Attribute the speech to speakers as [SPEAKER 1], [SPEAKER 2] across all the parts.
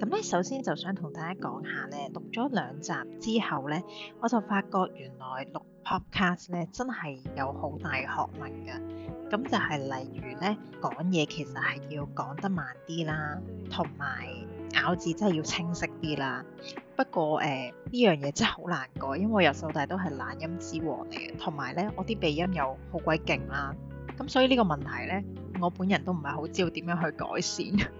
[SPEAKER 1] 咁咧，首先就想同大家講下咧，讀咗兩集之後咧，我就發覺原來錄 Podcast 咧真係有好大學問㗎。咁就係例如咧，講嘢其實係要講得慢啲啦，同埋咬字真係要清晰啲啦。不過誒，呢樣嘢真係好難改，因為我由細到大都係懶音之王嚟嘅，同埋咧我啲鼻音又好鬼勁啦。咁所以呢個問題咧，我本人都唔係好知道點樣去改善。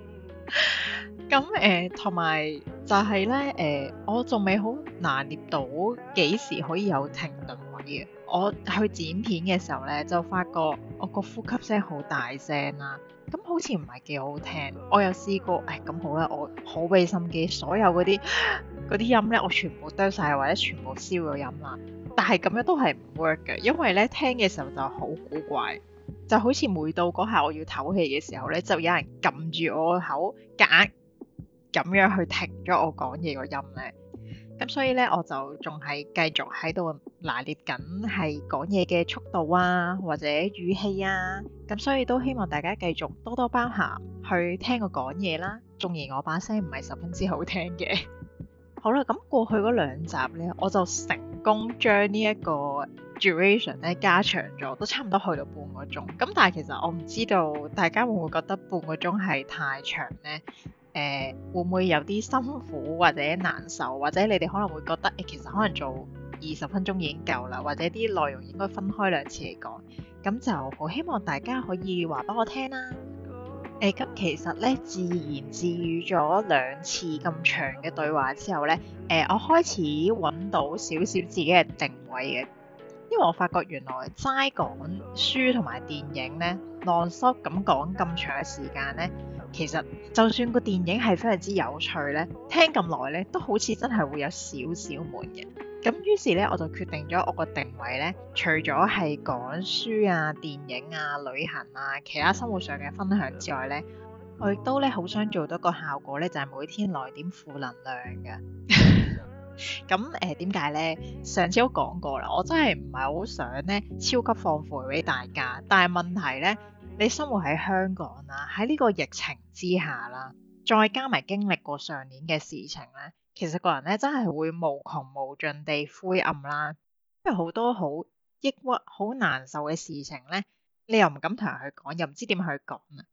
[SPEAKER 1] 咁誒，同埋、呃、就係咧誒，我仲未好拿捏到幾時可以有停頓位嘅。我去剪片嘅時候咧，就發覺我個呼吸聲好大聲啦。咁好似唔係幾好聽。我又試過誒，咁好啦，我好俾心機，所有嗰啲嗰啲音咧，我全部丟晒，或者全部消咗音啦。但係咁樣都係唔 work 嘅，因為咧聽嘅時候就好古怪。就好似每到嗰下我要唞氣嘅時候咧，就有人撳住我個口，夾硬咁樣去停咗我講嘢個音咧。咁所以咧，我就仲係繼續喺度拿捏緊係講嘢嘅速度啊，或者語氣啊。咁所以都希望大家繼續多多包涵，去聽我講嘢啦。縱然我把聲唔係十分之好聽嘅。好啦，咁過去嗰兩集咧，我就成。公將呢一個 duration 咧，加長咗，都差唔多去到半個鐘。咁但係其實我唔知道大家會唔會覺得半個鐘係太長呢？誒，會唔會有啲辛苦或者難受，或者你哋可能會覺得誒，其實可能做二十分鐘已經夠啦，或者啲內容應該分開兩次嚟講。咁就好希望大家可以話俾我聽啦。誒咁，呃、其實咧，自言自語咗兩次咁長嘅對話之後咧，誒，呃、我開始揾到少少自己嘅定位嘅，因為我發覺原來齋講書同埋電影咧，浪濕咁講咁長嘅時間咧，其實就算個電影係非常之有趣咧，聽咁耐咧，都好似真係會有少少悶嘅。咁於是咧，我就決定咗我個定位咧，除咗係講書啊、電影啊、旅行啊，其他生活上嘅分享之外咧，我亦都咧好想做到個效果咧，就係每天來點負能量嘅。咁誒點解咧？上次都講過啦，我真係唔係好想咧超級放負俾大家，但係問題咧，你生活喺香港啦，喺呢個疫情之下啦，再加埋經歷過上年嘅事情咧。其實個人咧真係會無窮無盡地灰暗啦，因為好多好抑鬱、好難受嘅事情咧，你又唔敢同人去講，又唔知點去講啊。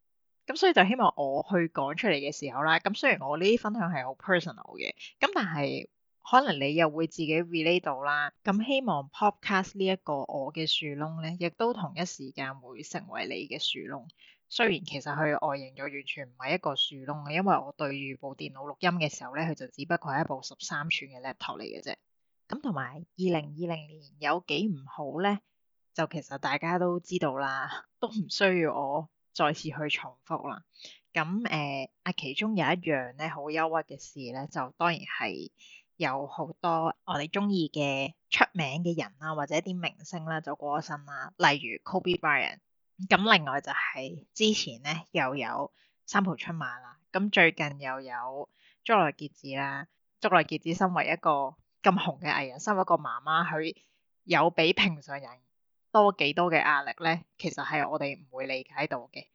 [SPEAKER 1] 咁所以就希望我去講出嚟嘅時候啦，咁雖然我呢啲分享係好 personal 嘅，咁但係可能你又會自己 relate 到啦。咁希望 podcast 呢一個我嘅樹窿咧，亦都同一時間會成為你嘅樹窿。雖然其實佢外形就完全唔係一個樹窿嘅，因為我對住部電腦錄音嘅時候咧，佢就只不過係一部十三寸嘅 laptop 嚟嘅啫。咁同埋二零二零年有幾唔好咧，就其實大家都知道啦，都唔需要我再次去重複啦。咁誒啊，其中有一樣咧好憂鬱嘅事咧，就當然係有好多我哋中意嘅出名嘅人啦，或者啲明星啦就過咗身啦，例如 Kobe Bryant。咁另外就係、是、之前咧又有三浦春馬啦，咁最近又有竹內結子啦。竹內結子身為一個咁紅嘅藝人，身為一個媽媽，佢有比平常人多幾多嘅壓力咧，其實係我哋唔會理解到嘅。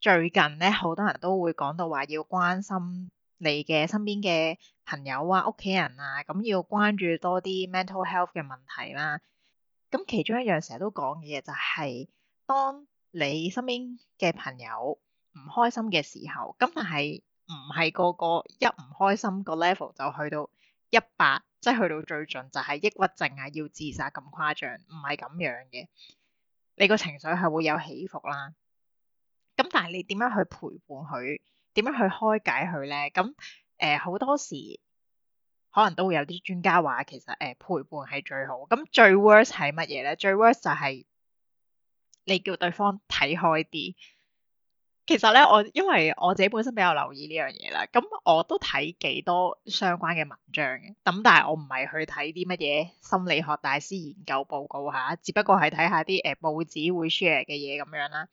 [SPEAKER 1] 最近咧好多人都會講到話要關心你嘅身邊嘅朋友啊、屋企人啊，咁要關注多啲 mental health 嘅問題啦。咁其中一樣成日都講嘅嘢就係，當你身邊嘅朋友唔開心嘅時候，咁但係唔係個個一唔開心個 level 就去到一百，即係去到最盡就係抑鬱症啊，要自殺咁誇張，唔係咁樣嘅。你個情緒係會有起伏啦。咁但係你點樣去陪伴佢，點樣去開解佢咧？咁誒好多時。可能都會有啲專家話，其實誒、呃、陪伴係最好。咁最 worst 係乜嘢咧？最 worst 就係你叫對方睇開啲。其實咧，我因為我自己本身比較留意呢樣嘢啦，咁我都睇幾多相關嘅文章嘅。咁但係我唔係去睇啲乜嘢心理學大師研究報告吓，只不過係睇下啲誒、呃、報紙會 share 嘅嘢咁樣啦。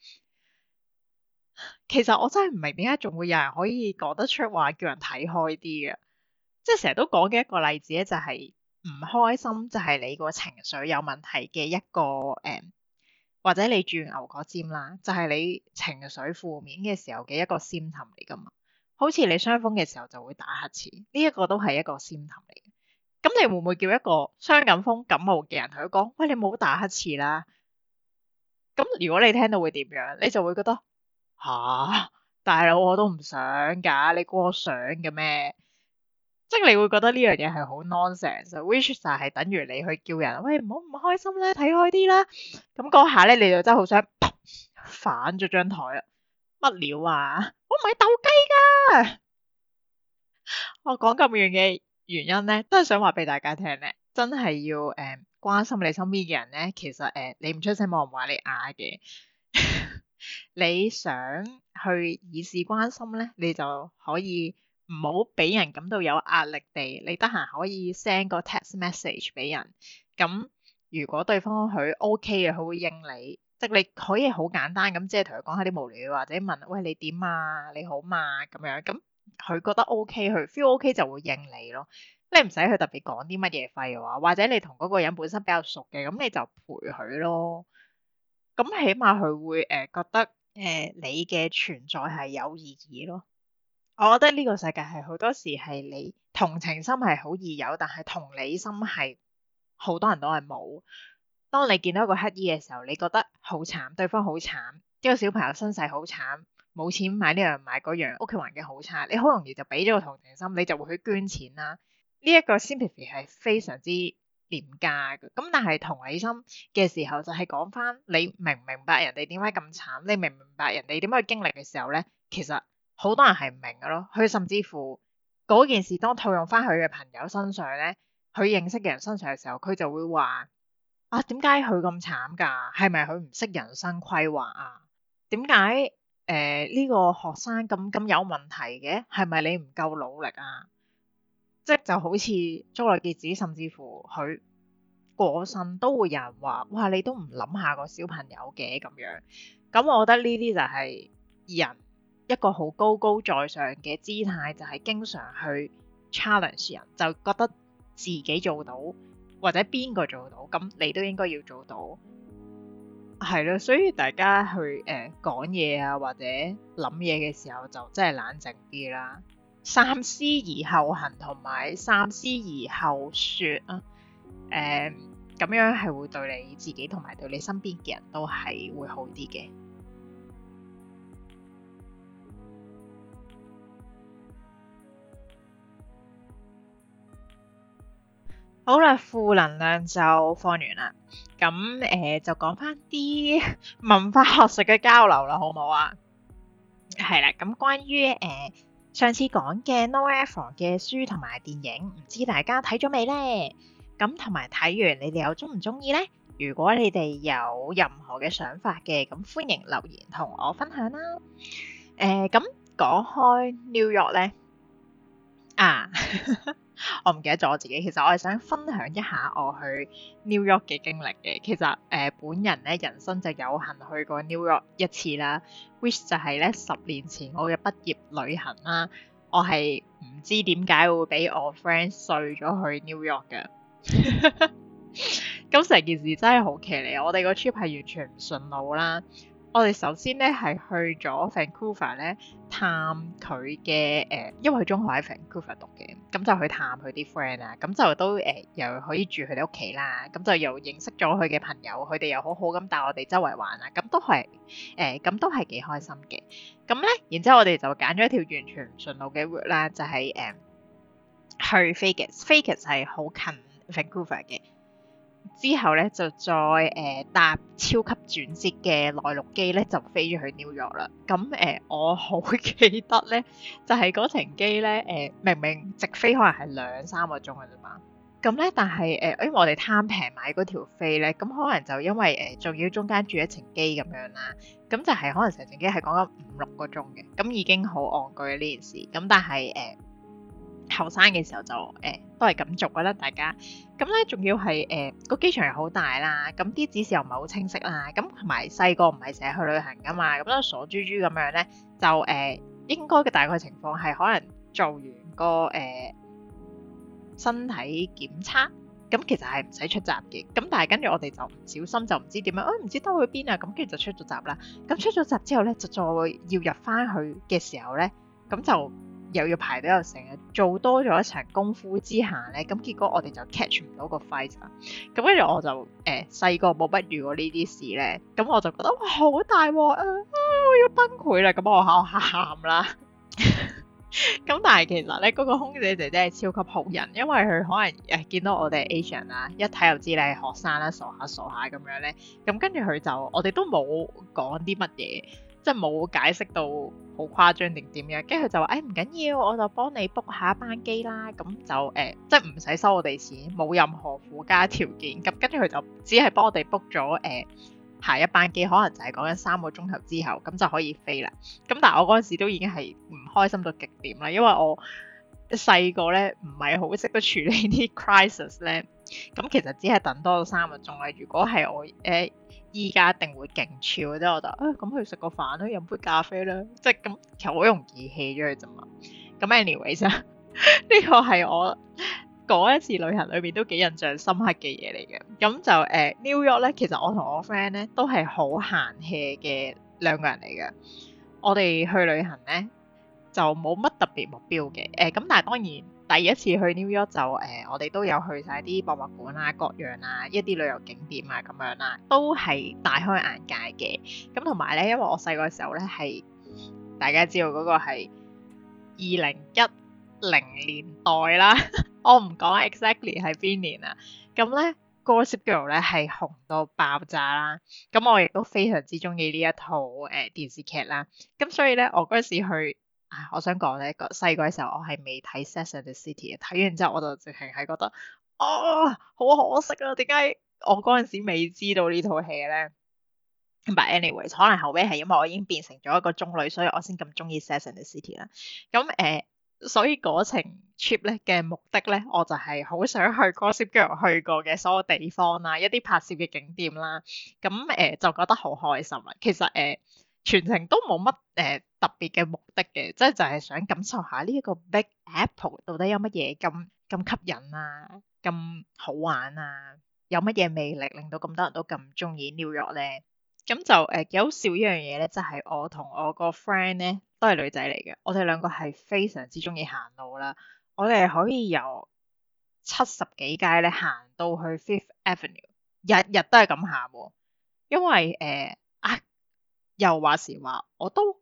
[SPEAKER 1] 其實我真係唔明點解仲會有人可以講得出話叫人睇開啲嘅。即係成日都講嘅一個例子咧，就係唔開心就係你個情緒有問題嘅一個誒、嗯，或者你轉牛角尖啦，就係、是、你情緒負面嘅時候嘅一個 symptom 嚟㗎嘛。好似你傷風嘅時候就會打乞嗤，呢、這個、一個都係一個 symptom 嚟。咁你會唔會叫一個傷感風感冒嘅人同佢講：喂，你唔好打乞嗤啦。咁如果你聽到會點樣？你就會覺得吓，大佬我都唔想㗎，你估我想嘅咩？即係你會覺得呢樣嘢係好 nonsense，which 就係等於你去叫人，喂，唔好唔開心啦，睇開啲啦。咁嗰下咧，你就真係好想反咗張台啊！乜料啊！ 我唔係鬥雞㗎。我講咁樣嘅原因咧，都係想話俾大家聽咧，真係要誒、呃、關心你身邊嘅人咧。其實誒、呃，你唔出聲冇人話你啞嘅。你想去以示關心咧，你就可以。唔好俾人感到有壓力地，你得閒可以 send 個 text message 俾人。咁如果對方佢 OK 嘅，佢會應你，即你可以好簡單咁，即係同佢講下啲無聊，或者問，喂，你點啊，你好嘛咁樣。咁佢覺得 OK，佢 feel OK 就會應你咯。你唔使去特別講啲乜嘢廢話，或者你同嗰個人本身比較熟嘅，咁你就陪佢咯。咁起碼佢會誒、呃、覺得誒、呃、你嘅存在係有意義咯。我覺得呢個世界係好多時係你同情心係好易有，但係同理心係好多人都係冇。當你見到一個乞兒嘅時候，你覺得好慘，對方好慘，一個小朋友身世好慘，冇錢買呢樣買嗰樣，屋企環境好差，你好容易就俾咗個同情心，你就會去捐錢啦。呢一個 sympathy 係非常之廉價嘅，咁但係同理心嘅時候就係講翻你明唔明白人哋點解咁慘，你明唔明白人哋點樣去經歷嘅時候咧，其實。好多人係唔明嘅咯，佢甚至乎嗰件事當套用翻佢嘅朋友身上咧，佢認識嘅人身上嘅時候，佢就會話：啊，點解佢咁慘噶？係咪佢唔識人生規劃啊？點解誒呢個學生咁咁有問題嘅？係咪你唔夠努力啊？即係就好似捉來結子，甚至乎佢過身都會有人話：，哇，你都唔諗下個小朋友嘅咁樣。咁我覺得呢啲就係、是、人。一個好高高在上嘅姿態，就係、是、經常去 challenge 人，就覺得自己做到或者邊個做到，咁你都應該要做到。係咯，所以大家去誒講嘢啊，或者諗嘢嘅時候，就真係冷靜啲啦，三思而後行同埋三思而後說啊。誒、嗯，咁樣係會對你自己同埋對你身邊嘅人都係會好啲嘅。好啦，負能量就放完啦。咁誒，就講翻啲文化學術嘅交流啦，好唔好啊？係啦，咁關於誒上次講嘅 No Effort 嘅書同埋電影，唔知大家睇咗未咧？咁同埋睇完，你哋又中唔中意咧？如果你哋有任何嘅想法嘅，咁歡迎留言同我分享啦。誒，咁講開 New York 咧啊！我唔記得咗我自己，其實我係想分享一下我去 New York 嘅經歷嘅。其實誒、呃、本人咧人生就有幸去過 New York 一次啦，which 就係咧十年前我嘅畢業旅行啦。我係唔知點解會俾我 friend 碎咗去 New York 嘅。咁 成件事真係好騎呢，我哋個 trip 係完全唔順路啦。我哋首先咧係去咗 Vancouver 咧探佢嘅誒，因為佢中學喺 Vancouver 讀嘅。咁就去探佢啲 friend 啊，咁就都誒、呃、又可以住佢哋屋企啦，咁就又認識咗佢嘅朋友，佢哋又好好咁帶我哋周圍玩啊，咁都係誒咁都係幾開心嘅。咁咧，然之後我哋就揀咗一條完全唔順路嘅 route 啦，就係、是、誒、呃、去 Vegas。Vegas 係好近 Vancouver 嘅。之後咧就再，誒，搭超級轉接嘅內陸機咧就飛咗去後生嘅時候就誒都係咁做，噶啦大家咁咧，仲要係誒個機場又好大啦，咁啲指示又唔係好清晰啦，咁同埋細個唔係成日去旅行噶嘛，咁都傻豬豬咁樣咧，就誒應該嘅大概情況係可能做完個誒身體檢測，咁其實係唔使出閘嘅，咁但係跟住我哋就唔小心就唔知點樣，誒唔知兜去邊啊，咁跟住就出咗閘啦，咁出咗閘之後咧就再要入翻去嘅時候咧，咁就。又要排隊又成日，做多咗一層功夫之下咧，咁、嗯、結果我哋就 catch 唔到個 fight。咁跟住我就誒細個冇乜遇過呢啲事咧，咁、嗯、我就覺得哇好大鑊啊！啊我要崩潰啦！咁、嗯、我喺度喊啦。咁、 嗯、但係其實咧，嗰、那個空姐姐姐係超級好人，因為佢可能誒、啊、見到我哋 Asian 啦，一睇就知你係學生啦，傻下傻下咁樣咧。咁跟住佢就，我哋都冇講啲乜嘢。即係冇解釋到好誇張定點樣，跟住佢就話：誒唔緊要，我就幫你 book 下一班機啦。咁、嗯、就誒、呃，即係唔使收我哋錢，冇任何附加條件。咁跟住佢就只係幫我哋 book 咗誒下一班機，可能就係講緊三個鐘頭之後，咁、嗯、就可以飛啦。咁、嗯、但係我嗰陣時都已經係唔開心到極點啦，因為我細個咧唔係好識得處理啲 crisis 咧。咁、嗯、其實只係等多咗三個鐘啦。如果係我誒。呃依家一定會勁超，即係我得啊，咁去食個飯啦，飲杯咖啡啦，即係咁，其實好容易 hea 咗佢咋嘛。咁 anyway 先，呢個係我嗰一次旅行裏面都幾印象深刻嘅嘢嚟嘅。咁就誒，New York 咧，其實我同我 friend 咧都係好閒 hea 嘅兩個人嚟嘅。我哋去旅行咧就冇乜特別目標嘅。誒，咁但係當然。第一次去 New York，就誒，我哋都有去曬啲博物館啊、各樣啊、一啲旅遊景點啊咁樣啦，都係大開眼界嘅。咁同埋咧，因為我細個嘅時候咧係大家知道嗰個係二零一零年代啦，我唔講 exactly 係邊年啊。咁咧，Gossip Girl 咧係紅到爆炸啦。咁我亦都非常之中意呢一套誒電視劇啦。咁所以咧，我嗰陣時去。啊、我想講咧，個細個嘅時候我係未睇《Sesame City》嘅，睇完之後我就直情係覺得，哦，好可惜啊！點解我嗰陣時未知道呢套戲咧？但係 anyways，可能後尾係因為我已經變成咗一個中女，所以我先咁中意《Sesame City》啦。咁誒、呃，所以嗰程 trip 咧嘅目的咧，我就係好想去 Gossip Girl 去過嘅所有地方啊，一啲拍攝嘅景點啦。咁誒、呃、就覺得好開心啦。其實誒。呃全程都冇乜誒特別嘅目的嘅，即係就係想感受下呢一個 Big Apple 到底有乜嘢咁咁吸引啊，咁好玩啊，有乜嘢魅力令到咁多人都咁中意 New York 咧？咁就誒幾好笑呢樣嘢咧，就係我同我個 friend 咧都係女仔嚟嘅，我哋兩個係非常之中意行路啦，我哋可以由七十幾街咧行到去 Fifth Avenue，日日都係咁行，因為誒。呃又話時話，我都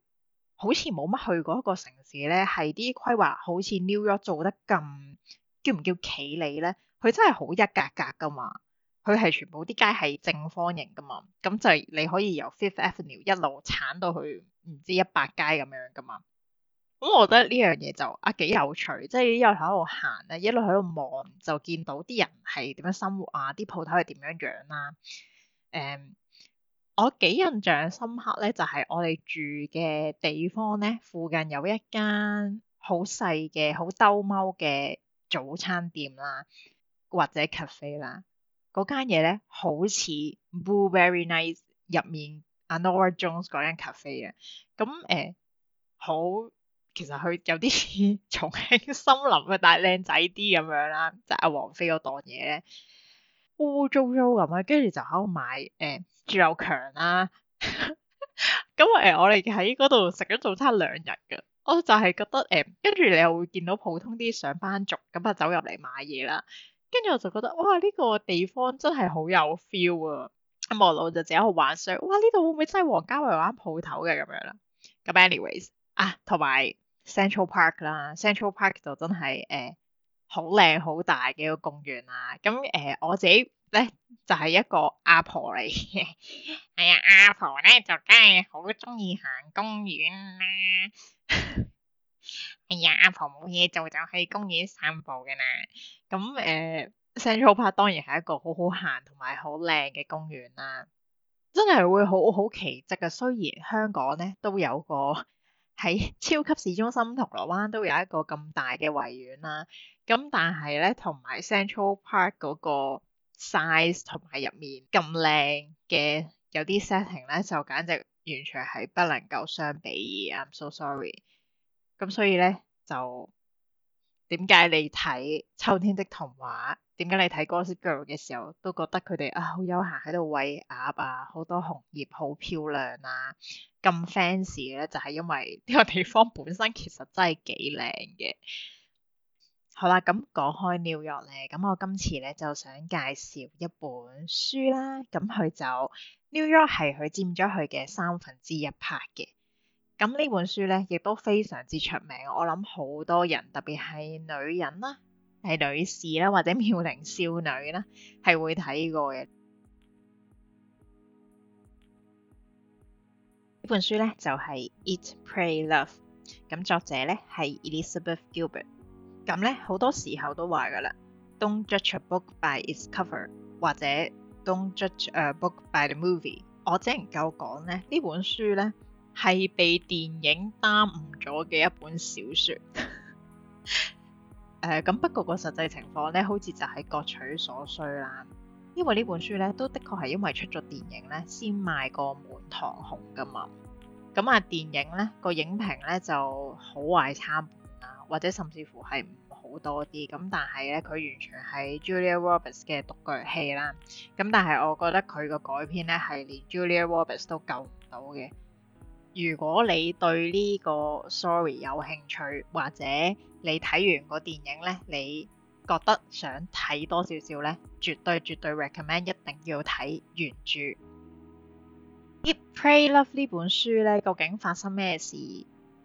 [SPEAKER 1] 好似冇乜去過一個城市咧，係啲規劃好似 New York 做得咁叫唔叫企理咧？佢真係好一格格噶嘛，佢係全部啲街係正方形噶嘛，咁就係你可以由 Fifth Avenue 一路鏟到去唔知一百街咁樣噶嘛。咁我覺得呢樣嘢就啊幾有趣，即係一路喺度行咧，一路喺度望就見到啲人係點樣生活啊，啲鋪頭係點樣樣啦，誒。我幾印象深刻咧，就係、是、我哋住嘅地方咧，附近有一間好細嘅、好兜踎嘅早餐店啦，或者 cafe 啦。嗰間嘢咧，好似 Blueberry Nights 入面 Norah Jones 嗰間 cafe 啊。咁誒、呃，好其實佢有啲重慶森林啊，但係靚仔啲咁樣啦，就阿、是、王菲嗰檔嘢咧，污污糟糟咁啊，跟住就喺度買誒。呃住又強啦、啊，咁 誒、呃、我哋喺嗰度食咗早餐兩日嘅，我就係覺得誒，跟、呃、住你又會見到普通啲上班族咁啊走入嚟買嘢啦，跟住我就覺得哇呢、呢個地方真係好有 feel 啊！咁我我就自己喺度幻想，哇呢度會唔會真係王家衛玩鋪頭嘅咁樣啦？咁 anyways 啊，同埋 Central Park 啦，Central Park 就真係誒好靚好大嘅個公園啦、啊。咁誒、呃、我自己。咧就係一個阿婆嚟嘅，哎呀，阿婆咧就梗係好鍾意行公園啦。 哎呀，阿婆冇嘢做就喺公園散步嘅啦。咁誒、呃、Central Park 當然係一個好好行同埋好靚嘅公園啦，真係會好好奇蹟嘅。雖然香港咧都有個喺超級市中心銅鑼灣都有一個咁大嘅維園啦，咁但係咧同埋 Central Park 嗰、那個。size 同埋入面咁靚嘅有啲 setting 咧，就簡直完全係不能夠相比啊！I'm so sorry。咁所以咧就點解你睇《秋天的童話》，點解你睇《Gossip Girl》嘅時候都覺得佢哋啊好悠閒喺度餵鴨啊，好多紅葉好漂亮啊，咁 fancy 咧就係、是、因為呢個地方本身其實真係幾靚嘅。好啦，咁講開 New York 咧，咁我今次咧就想介紹一本書啦。咁、嗯、佢就 New York 係佢佔咗佢嘅三分之一 part 嘅。咁呢、嗯、本書咧亦都非常之出名，我諗好多人特別係女人啦、係女士啦或者妙齡少女啦係會睇過嘅。呢 本書咧就係《Eat Pray, Love、嗯》，咁作者咧係 Elizabeth Gilbert。咁咧，好多時候都話噶啦，Don't judge a book by its cover，或者 Don't judge a book by the movie。我只能夠講咧，呢本書咧係被電影耽誤咗嘅一本小説。誒 咁、呃、不過個實際情況咧，好似就係各取所需啦。因為呢本書咧都的確係因為出咗電影咧先賣個滿堂紅噶嘛。咁啊，電影咧個影評咧就好壞參或者甚至乎係唔好多啲。咁但係咧，佢完全係 Julia Roberts 嘅獨角戲啦。咁但係我覺得佢個改編咧係連 Julia Roberts 都救唔到嘅。如果你對呢個 story 有興趣，或者你睇完個電影咧，你覺得想睇多少少咧，絕對絕對 recommend 一定要睇原著。《 Eat Pray Love》呢本書咧，究竟發生咩事？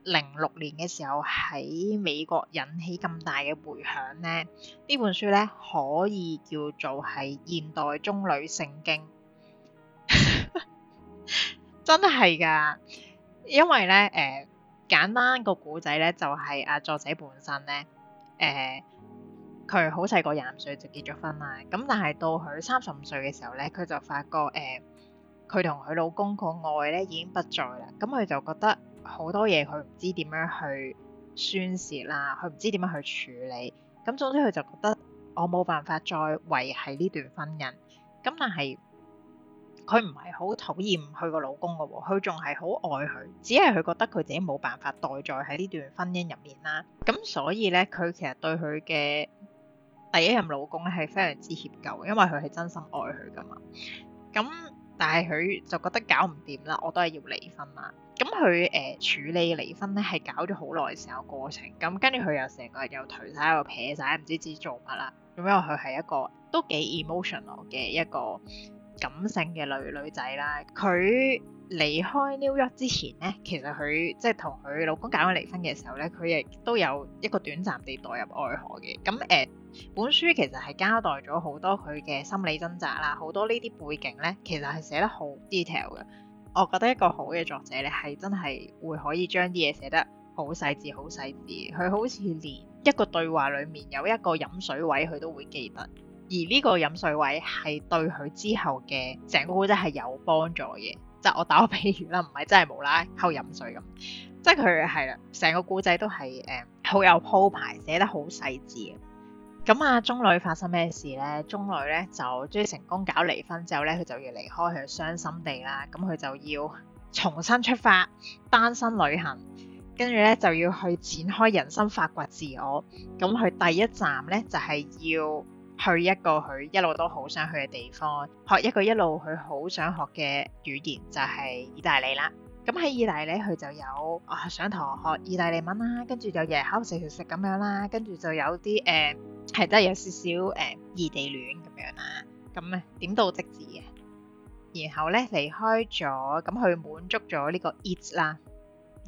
[SPEAKER 1] 零六年嘅時候喺美國引起咁大嘅迴響咧，呢本書咧可以叫做係現代中女聖經， 真係㗎，因為咧誒、呃、簡單個古仔咧就係、是、阿、啊、作者本身咧誒佢好細個廿歲就結咗婚啦，咁但係到佢三十五歲嘅時候咧，佢就發覺誒佢同佢老公個愛咧已經不再啦，咁佢就覺得。好多嘢佢唔知點樣去宣洩啦，佢唔知點樣去處理，咁總之佢就覺得我冇辦法再維繫呢段婚姻，咁但係佢唔係好討厭佢個老公噶喎，佢仲係好愛佢，只係佢覺得佢自己冇辦法待在喺呢段婚姻入面啦，咁所以咧佢其實對佢嘅第一任老公咧，係非常之歉疚，因為佢係真心愛佢噶嘛，咁。但係佢就覺得搞唔掂啦，我都係要離婚嘛。咁佢誒處理離婚咧，係搞咗好耐時候過程。咁跟住佢又成個人又頹曬，又撇晒，唔知知做乜啦。咁因為佢係一個都幾 emotional 嘅一個。感性嘅女女仔啦，佢離開 New York 之前呢，其實佢即係同佢老公搞緊離婚嘅時候呢，佢亦都有一個短暫地墮入愛河嘅。咁誒、呃，本書其實係交代咗好多佢嘅心理掙扎啦，好多呢啲背景呢，其實係寫得好 detail 嘅。我覺得一個好嘅作者呢，係真係會可以將啲嘢寫得好細緻，好細緻。佢好似連一個對話裡面有一個飲水位，佢都會記得。而呢個飲水位係對佢之後嘅成個古仔係有幫助嘅，即係我打個比喻啦，唔係真係無啦溝飲水咁，即係佢係啦，成個古仔都係誒好有鋪排，寫得好細緻嘅。咁啊，中女發生咩事呢？中女呢就終於成功搞離婚之後呢，佢就要離開佢傷心地啦。咁佢就要重新出發，單身旅行，跟住呢就要去展開人生，發掘自我。咁佢第一站呢就係要。去一個佢一路都好想去嘅地方，學一個一路佢好想學嘅語言就係、是、意大利啦。咁、嗯、喺意大利佢就有啊上堂學意大利文啦，跟住就日日食食食咁樣啦，跟住就有啲誒係真係有少少誒異地戀咁樣啦。咁、嗯、啊點到即止嘅，然後咧離開咗。咁、嗯、佢滿足咗呢個 it、e、啦。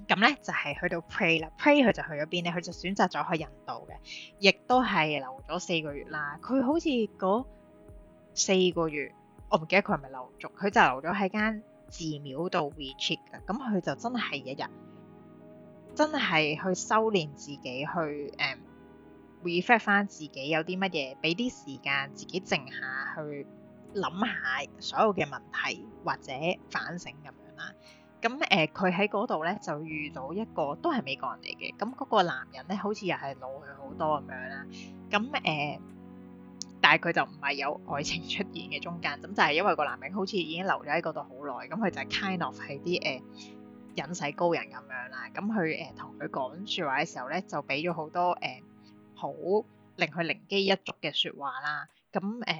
[SPEAKER 1] 咁咧就係去到 pray 啦，pray 佢就去咗邊咧？佢就選擇咗去印度嘅，亦都係留咗四個月啦。佢好似嗰四個月，我唔記得佢係咪留續，佢就留咗喺間寺廟度 recharge 嘅。咁佢就真係日日，真係去修練自己，去誒 reflect 翻自己有啲乜嘢，俾啲時間自己靜下去諗下所有嘅問題或者反省咁樣啦。咁誒，佢喺嗰度咧就遇到一個都係美國人嚟嘅，咁嗰個男人咧好似又係老佢好多咁樣啦。咁誒，但係佢就唔係有愛情出現嘅中間，咁就係因為個男人好似已經留咗喺嗰度好耐，咁佢就係 kind of 係啲誒隱世高人咁樣啦。咁佢誒同佢講説話嘅時候咧，就俾咗好多誒好令佢靈機一觸嘅説話啦。咁誒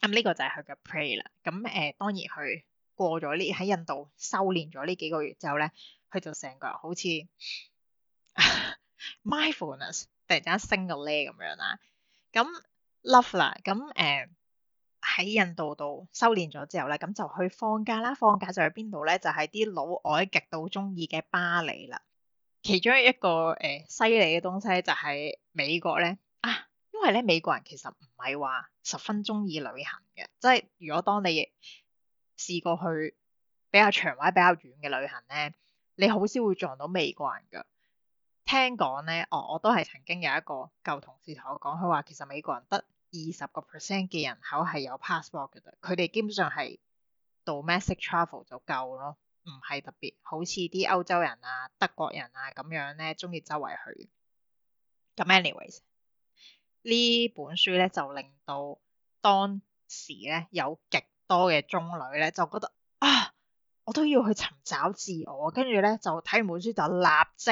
[SPEAKER 1] 咁呢個就係佢嘅 pray 啦。咁誒當然佢。過咗呢喺印度修煉咗呢幾個月之後咧，佢就成個好似 mindfulness 突然之間升到咧咁樣啦。咁 love 啦，咁誒喺印度度修煉咗之後咧，咁就去放假啦。放假就去邊度咧？就係、是、啲老外極度中意嘅巴黎啦。其中一個誒犀利嘅東西咧，就係美國咧啊，因為咧美國人其實唔係話十分中意旅行嘅，即係如果當你。試過去比較長或者比較遠嘅旅行咧，你好少會撞到美國人㗎。聽講咧，哦，我都係曾經有一個舊同事同我講，佢話其實美國人得二十個 percent 嘅人口係有 passport 嘅，佢哋基本上係 domestic travel 就夠咯，唔係特別好似啲歐洲人啊、德國人啊咁樣咧，中意周圍去。咁 anyways，呢本書咧就令到當時咧有極。多嘅中女咧，就覺得啊，我都要去尋找自我，跟住咧就睇完本書就立即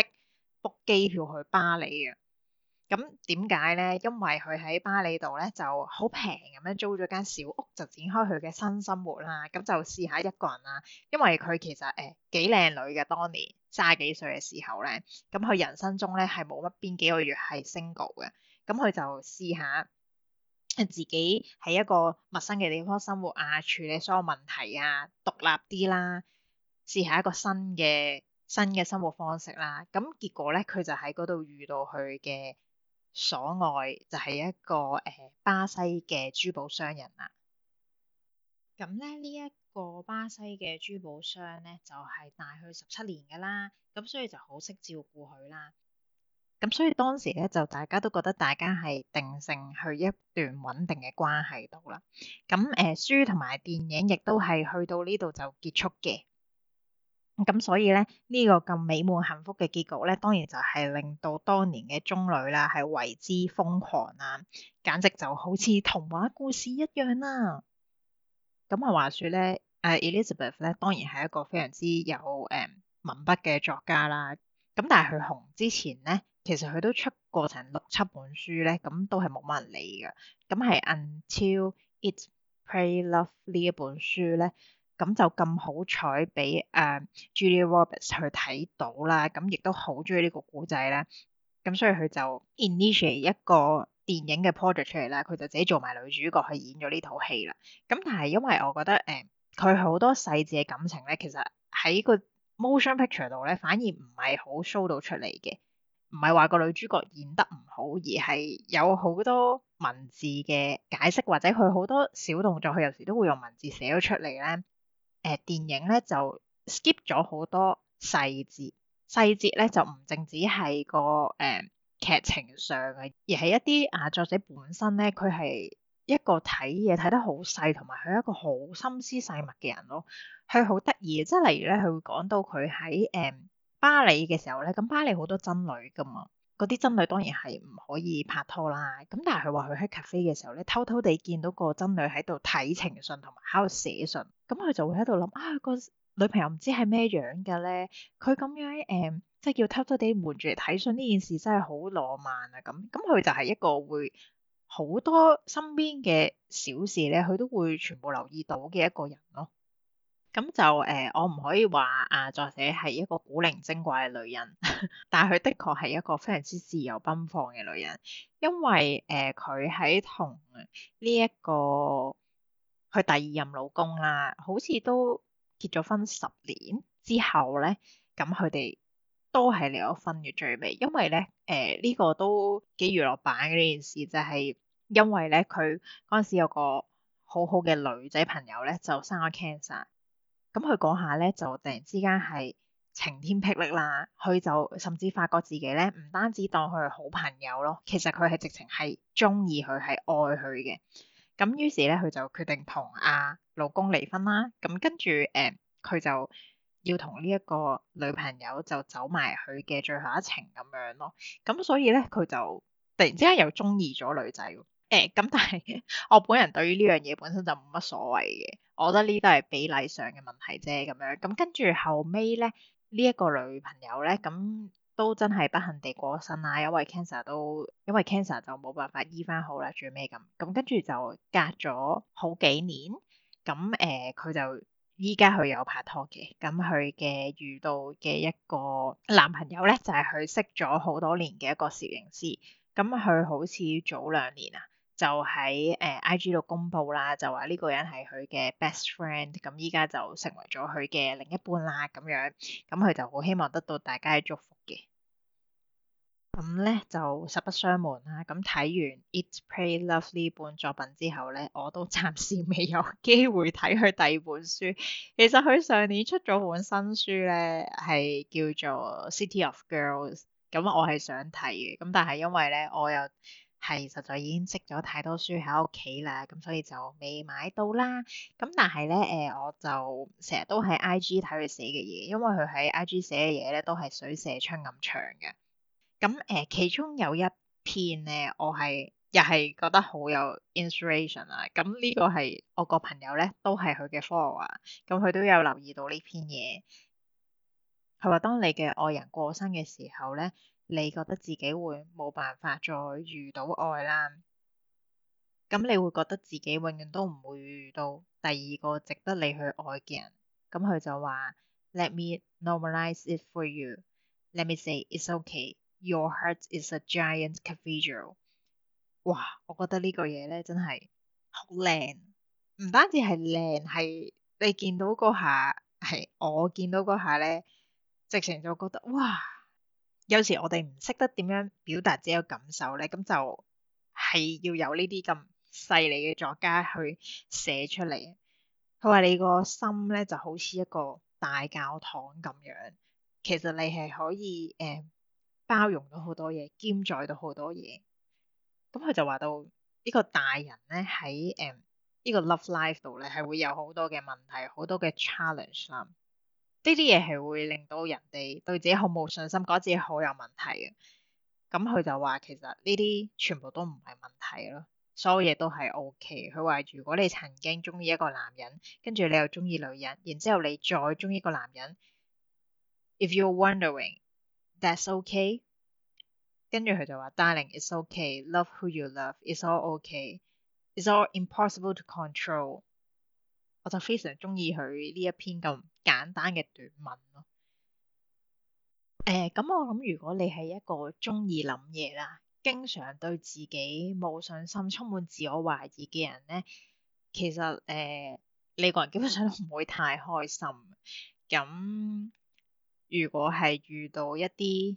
[SPEAKER 1] book 機票去巴黎嘅。咁點解咧？因為佢喺巴黎度咧就好平咁樣租咗間小屋，就展開佢嘅新生活啦。咁就試下一個人啦。因為佢其實誒幾靚女嘅，當年卅幾歲嘅時候咧，咁佢人生中咧係冇乜邊幾個月係 single 嘅，咁佢就試下。自己喺一個陌生嘅地方生活啊，處理所有問題啊，獨立啲啦，試下一個新嘅新嘅生活方式啦。咁結果咧，佢就喺嗰度遇到佢嘅所愛，就係、是、一個誒、欸、巴西嘅珠寶商人啦。咁咧呢一、這個巴西嘅珠寶商咧，就係、是、大佢十七年㗎啦，咁所以就好識照顧佢啦。咁所以當時咧就大家都覺得大家係定性去一段穩定嘅關係度啦。咁誒、呃、書同埋電影亦都係去到呢度就結束嘅。咁所以咧呢、呢個咁美滿幸福嘅結局咧，當然就係令到當年嘅中女啦係為之瘋狂啊！簡直就好似童話故事一樣啊！咁啊話説咧，誒、呃、Elizabeth 咧當然係一個非常之有誒、呃、文筆嘅作家啦。咁但係佢紅之前咧。其實佢都出過成六七本書咧，咁都係冇乜人理嘅。咁係 until it's Pray Love 呢一本書咧，咁就咁好彩俾誒 Julia Roberts 去睇到啦。咁亦都好中意呢個古仔咧。咁所以佢就 initiate 一個電影嘅 project 出嚟啦。佢就自己做埋女主角去演咗呢套戲啦。咁但係因為我覺得誒，佢、呃、好多細緻嘅感情咧，其實喺個 motion picture 度咧，反而唔係好 show 到出嚟嘅。唔係話個女主角演得唔好，而係有好多文字嘅解釋，或者佢好多小動作，佢有時都會用文字寫咗出嚟咧。誒、呃，電影咧就 skip 咗好多細節，細節咧就唔淨止係個誒、嗯、劇情上嘅，而係一啲啊作者本身咧，佢係一個睇嘢睇得好細，同埋佢係一個好心思細密嘅人咯。佢好得意，即係例如咧，佢會講到佢喺誒、嗯巴黎嘅時候咧，咁巴黎好多真女噶嘛，嗰啲真女當然係唔可以拍拖啦。咁但係佢話佢喺 cafe 嘅時候咧，偷偷地見到個真女喺度睇情信同埋喺度寫信，咁佢就會喺度諗啊、個女朋友唔知係咩樣嘅咧。佢咁樣誒，即、嗯、係、就是、叫偷偷地瞞住嚟睇信呢件事真係好浪漫啊！咁咁佢就係一個會好多身邊嘅小事咧，佢都會全部留意到嘅一個人咯。咁就誒、呃，我唔可以話啊，作者係一個古靈精怪嘅女人， 但係佢的確係一個非常之自由奔放嘅女人，因為誒，佢、呃、喺同呢、這、一個佢第二任老公啦，好似都結咗婚十年之後咧，咁佢哋都係離咗婚嘅最尾，因為咧誒，呢、呃、這個都幾娛樂版嘅呢件事，就係、是、因為咧，佢嗰陣時有個好好嘅女仔朋友咧，就生咗 cancer。咁佢嗰下咧就突然之間係晴天霹靂啦，佢就甚至發覺自己咧唔單止當佢係好朋友咯，其實佢係直情係中意佢，係愛佢嘅。咁於是咧，佢就決定同阿、啊、老公離婚啦。咁跟住誒，佢、呃、就要同呢一個女朋友就走埋佢嘅最後一程咁樣咯。咁所以咧，佢就突然之間又中意咗女仔。誒、呃、咁，但係我本人對於呢樣嘢本身就冇乜所謂嘅。我覺得呢都係比例上嘅問題啫，咁樣。咁跟住後尾咧，呢、這、一個女朋友咧，咁都真係不幸地過身啦，因為 cancer 都，因為 cancer 就冇辦法醫翻好啦，最尾咁。咁跟住就隔咗好幾年，咁誒佢就依家佢有拍拖嘅，咁佢嘅遇到嘅一個男朋友咧，就係、是、佢識咗好多年嘅一個攝影師。咁佢好似早兩年啊。就喺誒、呃、IG 度公布啦，就話呢個人係佢嘅 best friend，咁依家就成為咗佢嘅另一半啦咁樣，咁佢就好希望得到大家嘅祝福嘅。咁咧就實不相瞞啦，咁睇完《Eat, Pray, Love》呢本作品之後咧，我都暫時未有機會睇佢第二本書。其實佢上年出咗本新書咧，係叫做《City of Girls》，咁我係想睇嘅，咁但係因為咧，我又～係實在已經積咗太多書喺屋企啦，咁所以就未買到啦。咁但係咧，誒、呃、我就成日都喺 IG 睇佢寫嘅嘢，因為佢喺 IG 寫嘅嘢咧都係水蛇春咁長嘅。咁誒、呃、其中有一篇咧，我係又係覺得好有 inspiration 啊。咁呢個係我個朋友咧，都係佢嘅 follower，咁、啊、佢都有留意到呢篇嘢。佢話：當你嘅愛人過身嘅時候咧。你覺得自己會冇辦法再遇到愛啦，咁你會覺得自己永遠都唔會遇到第二個值得你去愛嘅人，咁佢就話：Let me normalize it for you. Let me say it's okay. Your heart is a giant cathedral. 哇！我覺得呢個嘢咧真係好靚，唔單止係靚，係你見到嗰下，係我見到嗰下咧，直情就覺得哇～有時我哋唔識得點樣表達自己嘅感受咧，咁就係要有呢啲咁細膩嘅作家去寫出嚟。佢話你個心咧就好似一個大教堂咁樣，其實你係可以誒、嗯、包容到好多嘢，兼載到好多嘢。咁佢就話到呢、呢個大人咧喺誒呢、嗯呢個 love life 度咧係會有好多嘅問題，好多嘅 challenge 啦。呢啲嘢係會令到人哋對自己好冇信心，覺得自己好有問題嘅。咁佢就話其實呢啲全部都唔係問題咯，所有嘢都係 OK。佢話如果你曾經中意一個男人，跟住你又中意女人，然之後你再中意個男人，If you're wondering, that's okay。跟住佢就話，Darling, it's okay, love who you love, it's all okay, it's all impossible to control。我就非常中意佢呢一篇咁。簡單嘅短文咯。誒、呃，咁我諗，如果你係一個鍾意諗嘢啦，經常對自己冇信心、充滿自我懷疑嘅人咧，其實誒、呃，你個人基本上都唔會太開心。咁如果係遇到一啲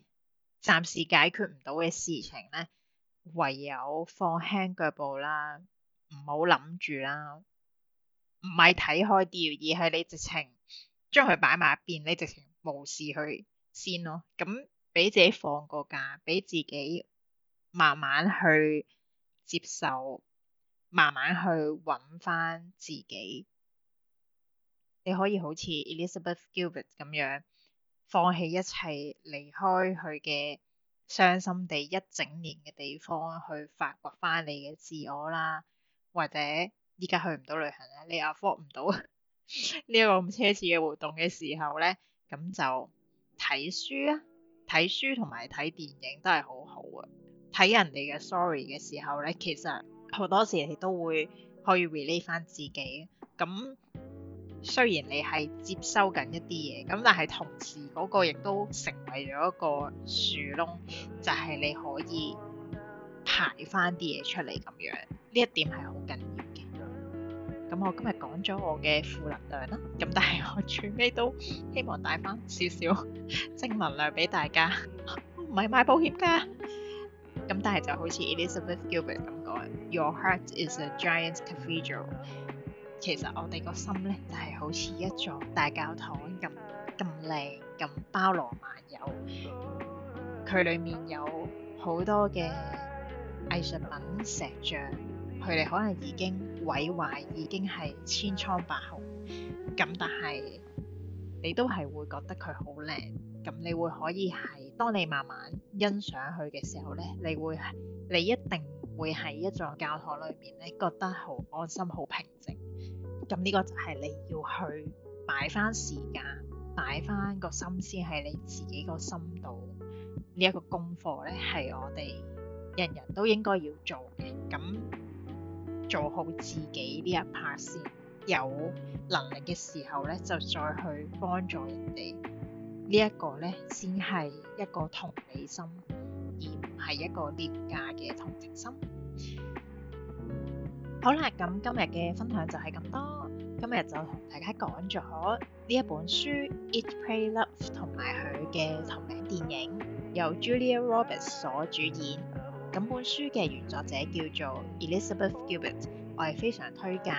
[SPEAKER 1] 暫時解決唔到嘅事情咧，唯有放輕腳步啦，唔好諗住啦，唔係睇開啲，而係你直情。將佢擺埋一邊，你直情無視佢先咯。咁俾自己放個假，俾自己慢慢去接受，慢慢去揾翻自己。你可以好似 Elizabeth Gilbert 咁樣，放棄一切，離開佢嘅傷心地一整年嘅地方，去發掘翻你嘅自我啦。或者依家去唔到旅行咧，你 afford 唔到。呢一個咁奢侈嘅活動嘅時候咧，咁就睇書啊，睇書同埋睇電影都係好好啊。睇人哋嘅 story 嘅時候咧，其實好多時你都會可以 relate 翻自己。咁雖然你係接收緊一啲嘢，咁但係同時嗰個亦都成為咗一個樹窿，就係、是、你可以排翻啲嘢出嚟咁樣。呢一點係好緊。咁我今日講咗我嘅負能量啦，咁但係我最尾都希望帶翻少少正能量俾大家。唔係賣保險㗎，咁但係就好似 Elizabeth Gilbert 咁講，Your heart is a giant cathedral。其實我哋個心咧就係好似一座大教堂咁咁靚，咁包羅萬有。佢裡面有好多嘅藝術品、石像，佢哋可能已經毀壞已經係千瘡百孔，咁但係你都係會覺得佢好靚，咁你會可以係當你慢慢欣賞佢嘅時候呢，你會你一定會喺一座教堂裏面呢，覺得好安心、好平靜。咁呢個就係你要去擺翻時間、擺翻個心思喺你自己個心度。呢一個功課呢，係我哋人人都應該要做嘅咁。做好自己呢一 part 先，有能力嘅時候咧，就再去幫助人哋。這個、呢一個咧，先係一個同理心，而唔係一個廉價嘅同情心。嗯、好啦，咁今日嘅分享就係咁多。今日就同大家講咗呢一本書《Eat Pray Love》同埋佢嘅同名電影，由 Julia Roberts 所主演。咁本書嘅原作者叫做 Elizabeth Gilbert，我係非常推介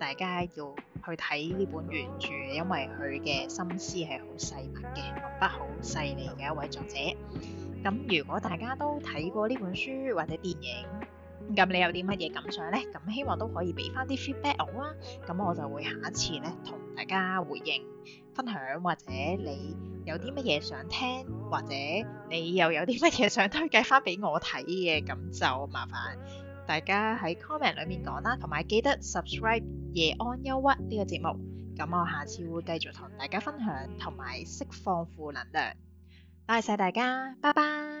[SPEAKER 1] 大家要去睇呢本原著嘅，因為佢嘅心思係好細密嘅，文筆好細膩嘅一位作者。咁如果大家都睇過呢本書或者電影，咁你有啲乜嘢感想呢？咁希望都可以俾翻啲 feedback 我啦，咁我就會下一次咧同大家回應分享或者你，有啲乜嘢想聽，或者你又有啲乜嘢想推介翻俾我睇嘅，咁就麻煩大家喺 comment 裏面講啦，同埋記得 subscribe 夜安憂鬱呢個節目，咁我下次會繼續同大家分享同埋釋放負能量，拜晒大家，拜拜。